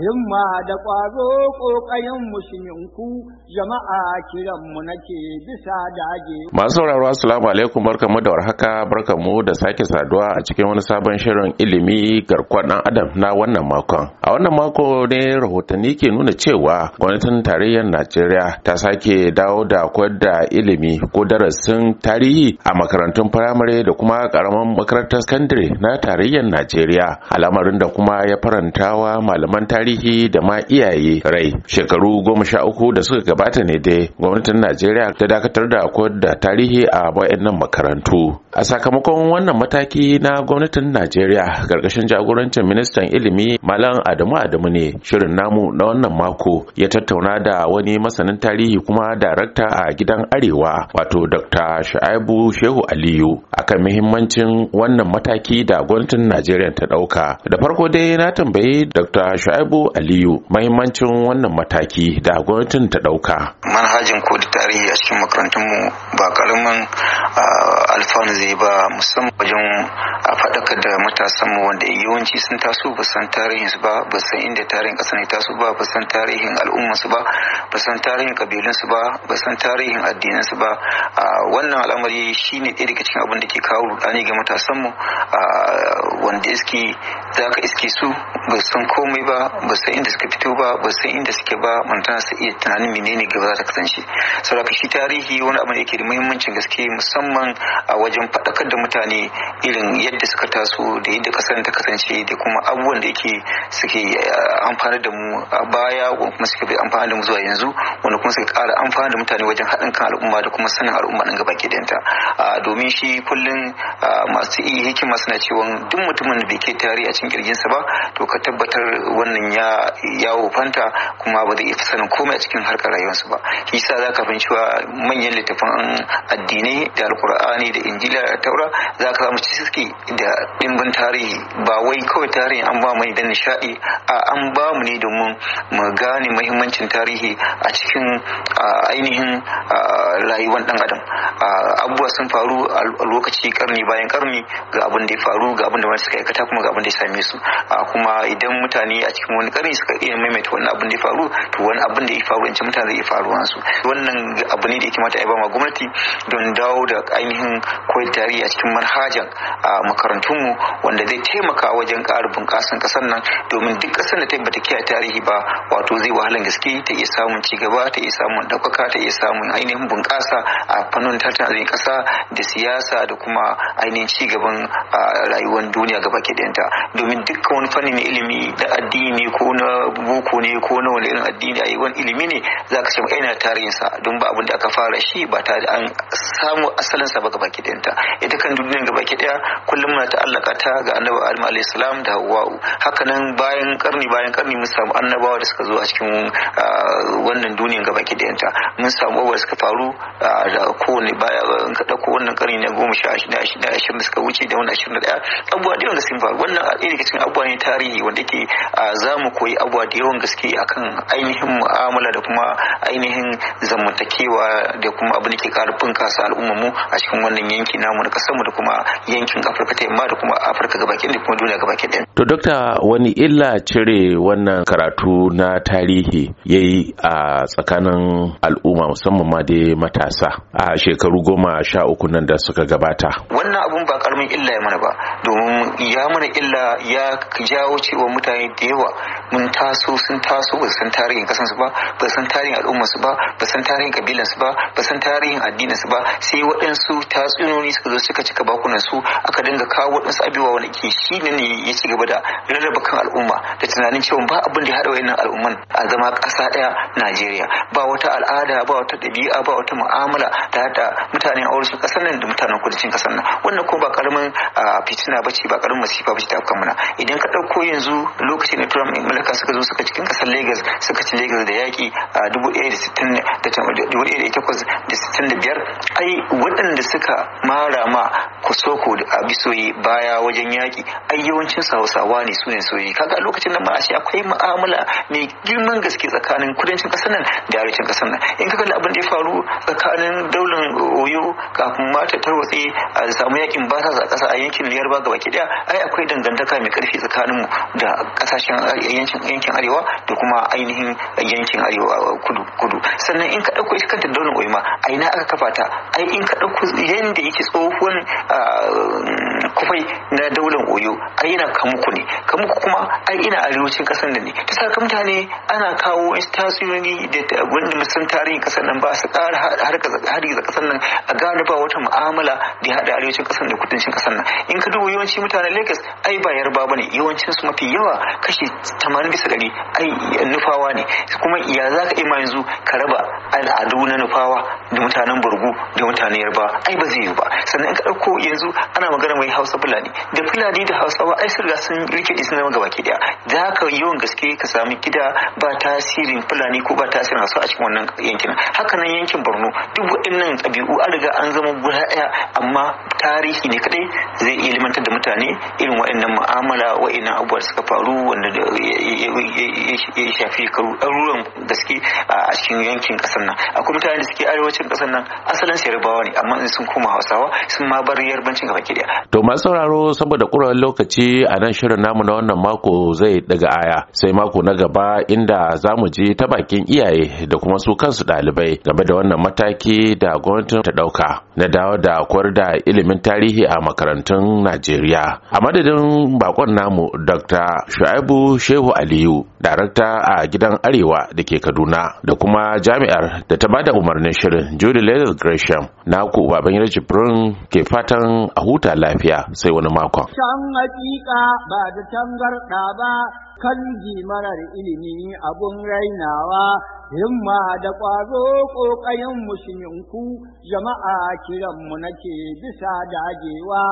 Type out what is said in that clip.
himma da ƙwazo ƙayan musulminku jama'a kiranmu nake bisa dage. Masu sauraro assalamu alaikum barkamu da warhaka barkamu da sake saduwa a cikin wani sabon shirin ilimi garkuwar ɗan adam na wannan makon. A wannan mako ne rahotanni ke nuna cewa gwamnatin tarayyar Najeriya ta sake dawo da koyar da ilimi ko darasin tarihi a makarantun firamare da kuma karamin makarantar sakandare na tarayyar Najeriya. Al'amarin da kuma ya farantawa malaman tarihi tarihi da ma iyaye rai shekaru goma sha uku da suka gabata ne dai gwamnatin najeriya ta dakatar da akwai da tarihi a nan makarantu a sakamakon wannan mataki na gwamnatin najeriya gargashin jagorancin ministan ilimi malam adamu adamu ne shirin namu na wannan mako ya tattauna da wani masanin tarihi kuma darakta a gidan arewa wato dr sha'ibu shehu aliyu akan muhimmancin wannan mataki da gwamnatin najeriya ta dauka da farko dai na tambayi dr Shu'aibu aliyu muhimmancin wannan mataki da gwamnatin ta dauka manhajin kodi tarihi a cikin makarantunmu ba karamin ah, alfanu zai ba musamman wajen a faɗakar da mu wanda yawanci sun taso ba san tarihin su ba ba san inda tarihin ƙasa ne taso ba ba san tarihin al'umma su ba ba san tarihin kabilun su ba ba san tarihin addinin su ba wannan al'amari shine ɗaya daga cikin abin da ke kawo rudani ga matasanmu wanda iski za ka iske su ba san komai ba ba san inda suka fito ba ba san inda suke ba mantana su iya tunanin menene gaba za ta kasance saboda shi tarihi wani abu ne yake da muhimmancin gaske musamman a wajen faɗakar da mutane irin yadda suka taso da yadda kasar ta kasance da kuma abubuwan da yake suke eh, amfana da mu a baya wani kuma suke amfana da mu zuwa yanzu wani kuma suke ƙara amfana da mutane wajen haɗin kan al'umma da kuma sanin al'umma ɗin gaba ta domin shi kullum masu iya hikima suna cewa duk mutumin da bai ke tare a cikin sa ba to ka tabbatar wannan ya yawo fanta kuma ba zai iya sanin komai a cikin harkar rayuwarsa ba shi yasa za ka fahimci manyan littafan addinai da alkur'ani da injila taura za ka samu ciki da ɗimbin tarihi ba wai kawai tarihi an ba mu da nishadi nishaɗi a an ba mu ne domin mu gane muhimmancin tarihi a cikin ainihin rayuwar ɗan adam abubuwa sun faru a lokaci karni bayan karni ga abin da ya faru ga abin da wani suka aikata kuma ga abin da ya same su kuma idan mutane a cikin wani karni suka iya maimaita wani abin da ya faru to wani abin da ya faru in ce mutane zai iya faruwa su wannan abu ne da ya kamata a yi ba ma gwamnati don dawo da ainihin koyar tarihi a cikin manhajan a makarantunmu wanda zai taimaka wajen ƙara bunƙasan ƙasar nan domin duk ƙasar da ta bata kiyaye tarihi ba wato zai wahalan gaske ta iya samun ci gaba ta iya samun ɗaukaka ta iya samun ainihin bunƙasa a fannin tattalin arzikin ƙasa da siyasa da kuma ainihin ci gaban rayuwar duniya gaba ɗayanta domin dukkan wani fanni ilimi da addini ko na boko ne ko na wani irin addini a wani ilimi ne za ka samu ainihin tarihinsa don ba abin da aka fara shi ba tare da an samu asalinsa ba gaba ɗayanta ita kan duniyar gaba ki daya kullum muna ta'allaka ta ga annabi adam alayhi salam da hawwa'u hakanan bayan karni bayan karni mun samu annabawa da suka zo a cikin wannan duniyar gaba ki dayanta mun samu abubuwa suka faru da kowane baya in ka dauko wannan karni na goma sha ashirin da ashirin da suka wuce da wannan ashirin da daya abubuwa da yawan gaske faru wannan a ɗaya daga cikin abubuwa ne tarihi wanda yake za mu koyi abubuwa da yawan gaske akan ainihin mu'amala da kuma ainihin zamantakewa da kuma abin da ke karfin kasa al'ummar mu a cikin wannan yanki na namu da kasar mu da kuma yankin Afirka ta yamma da kuma Afirka gabaki da kuma duniya gabaki ɗaya To dokta wani illa cire wannan karatu na tarihi ya yi a tsakanin al'umma musamman ma dai matasa a shekaru goma sha uku nan da suka gabata. Wannan abun ba karamin illa ya mana ba domin ya mana illa ya jawo cewa mutane da yawa mun taso sun taso ba san tarihin kasansu ba ba san tarihin al'ummarsu ba ba san tarihin kabilansu ba ba san tarihin addininsu ba sai waɗansu tatsuniyoyi suka zo suka cika bakunan su aka dinga kawo waɗansu abubuwa wani ke shi ne ya ci gaba gaba da rarraba kan al'umma da tunanin cewa ba abin da ya haɗa wayannan al'umman a zama ƙasa ɗaya Najeriya ba wata al'ada ba wata ɗabi'a ba wata mu'amala ta haɗa mutanen aure su ƙasar nan da mutanen kudancin ƙasar nan wannan kuma ba ƙaramin fitina ba ce ba ƙaramin masifa ba ce ta afkan mana idan ka ɗauko yanzu lokacin da Trump mulka suka zo suka cikin ƙasar Lagos suka ci Lagos da yaƙi a dubu ɗaya da sittin da dubu ɗaya da takwas da sittin da biyar ai waɗanda suka mara ma Kosoko da Abisoyi baya wajen yaƙi ai yawancin sa hausawa ne su ne kaga lokacin nan ma ashe akwai mu'amala mai girman gaske tsakanin kudancin kasar nan da arewacin kasar nan in ka kalli abin da ya faru tsakanin daular oyo kafin ma ta tarwatse a samu yakin ba a kasa a yankin yarba gaba ki daya ai akwai dangantaka mai karfi tsakanin mu da kasashen yankin arewa da kuma ainihin yankin arewa kudu kudu sannan in ka dauko ita kanta daular oyo ma a ina aka kafa ta ai in ka dauko yanda yake tsohon kufai na daular oyo ai ina kamuku ne kamuku kuma ai ina arewacin kasar da ne ta saka mutane ana kawo tasiri da wanda sun tarihin kasar nan ba su kara har hargiza kasar nan a gane ba wata mu'amala da ya haɗa arewacin kasar da kudancin kasar nan in ka duba yawanci mutanen lagos ai ba yarba ba ne yawancin su mafi yawa kashi tamanin bisa ɗari ai nufawa ne kuma ya za ka ima yanzu ka raba al'adu na nufawa da mutanen burgu da mutanen yarba ai ba zai yi ba sannan in ka ɗauko yanzu ana magana mai hawa hausa fulani da fulani da hausawa ai sun riga sun rike sun zama gaba daya da ka yawan gaske ka sami gida ba tasirin fulani ko ba tasirin hausa a cikin wannan yankin haka nan yankin borno duk waɗannan ɗabi'u an riga an zama guda ɗaya amma tarihi ne kadai zai iya limantar da mutane irin waɗannan mu'amala waɗannan abubuwa da suka faru wanda ya shafi karu ɗaruran gaske a cikin yankin ƙasar nan akwai mutane da suke arewacin ƙasar nan asalin su yarbawa ne amma in sun koma hausawa sun ma bar yarbancin gaba ki masu sauraro saboda kuran lokaci a nan shirin namu na wannan mako zai daga aya sai mako na gaba inda za mu je ta bakin iyaye da kuma su kansu ɗalibai game da wannan mataki da gwamnatin ta ɗauka na dawo da koyar da ilimin tarihi a makarantun Najeriya. A madadin bakon namu Dr. Shu'aibu Shehu Aliyu, darakta a gidan Arewa da ke Kaduna da kuma jami'ar da ta bada umarnin shirin Judy Leather Gresham, naku baban Jibrin ke fatan a huta lafiya. sai wani makon. Can hakika ba da tangarɗa ba kan marar ilimi abun rainawa himma da ƙwazo ƙoƙayen musulminku jama'a kiranmu nake bisa dagewa